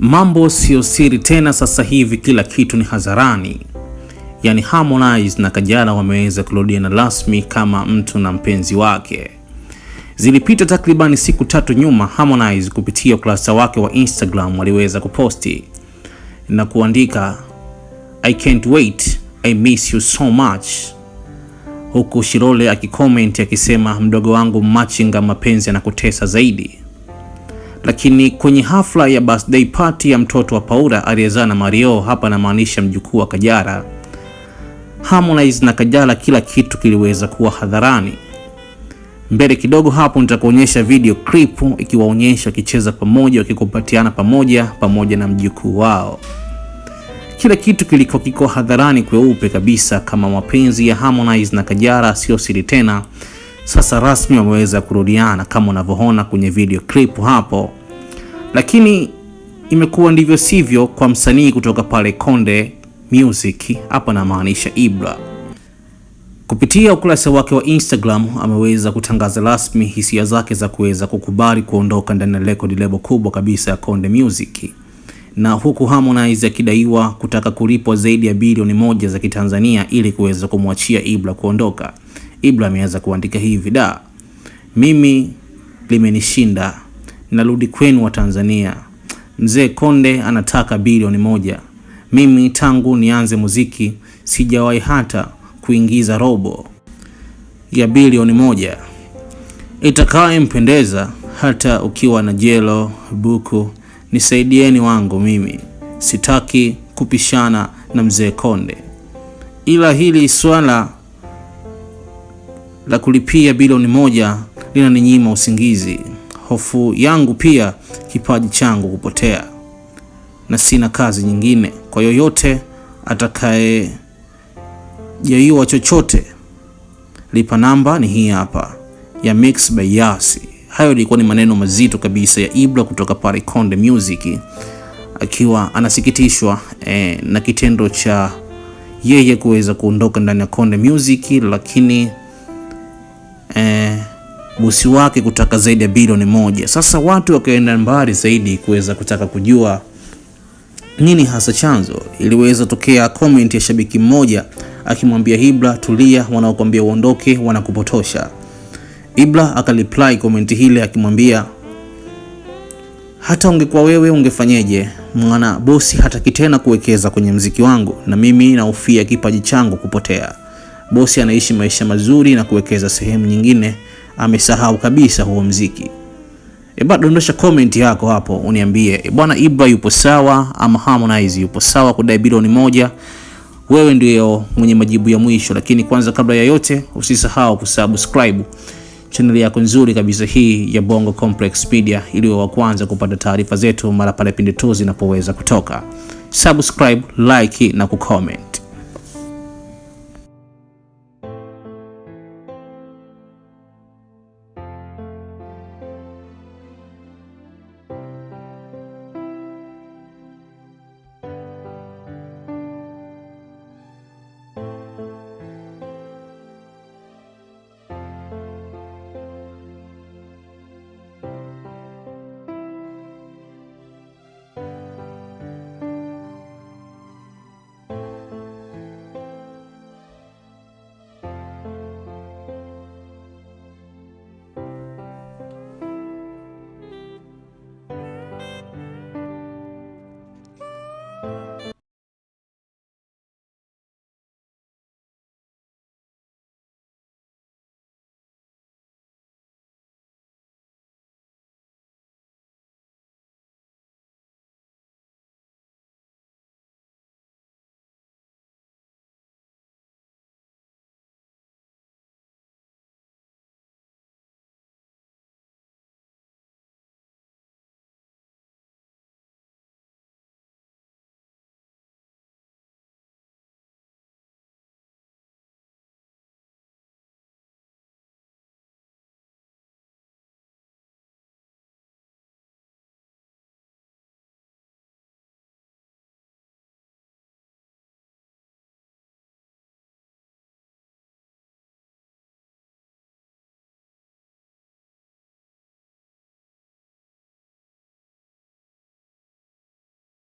Mambo sio siri tena, sasa hivi kila kitu ni hadharani. Yaani Harmonize na Kajala wameweza kurudiana rasmi kama mtu na mpenzi wake. Zilipita takribani siku tatu nyuma, Harmonize kupitia ukurasa wake wa Instagram waliweza kuposti na kuandika I can't wait, I miss you so much, huku Shilole akikomenti akisema mdogo wangu Machinga, mapenzi yanakutesa zaidi. Lakini kwenye hafla ya birthday party ya mtoto wa Paula aliyezaa na Mario, hapa anamaanisha mjukuu wa Kajala, Harmonize na Kajala, kila kitu kiliweza kuwa hadharani. Mbele kidogo hapo nitakuonyesha video clip ikiwaonyesha wakicheza pamoja, wakikumbatiana pamoja, pamoja na mjukuu wao. Kila kitu kilikuwa kiko hadharani kweupe kabisa, kama mapenzi ya Harmonize na Kajala sio siri tena. Sasa rasmi wameweza kurudiana kama unavyoona kwenye video clip hapo lakini imekuwa ndivyo sivyo kwa msanii kutoka pale Konde Music, hapa namaanisha Ibra. Kupitia ukurasa wake wa Instagram ameweza kutangaza rasmi hisia zake za kuweza kukubali kuondoka ndani ya record lebo kubwa kabisa ya Konde Music, na huku Harmonize akidaiwa kutaka kulipwa zaidi ya bilioni moja za Kitanzania ili kuweza kumwachia Ibra kuondoka. Ibra ameanza kuandika hivi: da, mimi limenishinda narudi kwenu wa Tanzania. Mzee Konde anataka bilioni moja. Mimi tangu nianze muziki sijawahi hata kuingiza robo ya bilioni moja. Itakayempendeza hata ukiwa na jelo buku, nisaidieni wangu mimi, sitaki kupishana na mzee Konde, ila hili swala la kulipia bilioni moja linaninyima usingizi hofu yangu pia kipaji changu kupotea, na sina kazi nyingine. Kwa yoyote atakayejaiwa chochote, lipa namba ni hii hapa ya Mix by Yasi. Hayo ilikuwa ni maneno mazito kabisa ya Ibra kutoka pale Konde Music, akiwa anasikitishwa eh, na kitendo cha yeye kuweza kuondoka ndani ya Konde Music, lakini eh, bosi wake kutaka zaidi ya bilioni moja. Sasa watu wakaenda mbali zaidi kuweza kutaka kujua nini hasa chanzo. Iliweza tokea comment ya shabiki mmoja akimwambia Ibra, tulia, wanaokuambia uondoke wanakupotosha. Ibra akareply comment hile akimwambia hata ungekuwa wewe ungefanyeje? Mwana bosi hataki tena kuwekeza kwenye mziki wangu, na mimi nahofia kipaji changu kupotea. Bosi anaishi maisha mazuri na kuwekeza sehemu nyingine amesahau kabisa huo mziki. Eba, dondosha comment yako hapo uniambie, e bwana Ibra yupo sawa ama Harmonize yupo sawa kudai bilioni moja? Wewe ndio mwenye majibu ya mwisho, lakini kwanza, kabla ya yote, usisahau kusubscribe channel yako nzuri kabisa hii ya Bongo Complex Media ili wa kwanza kupata taarifa zetu mara pale pindi tu zinapoweza kutoka. Subscribe, like na kucomment.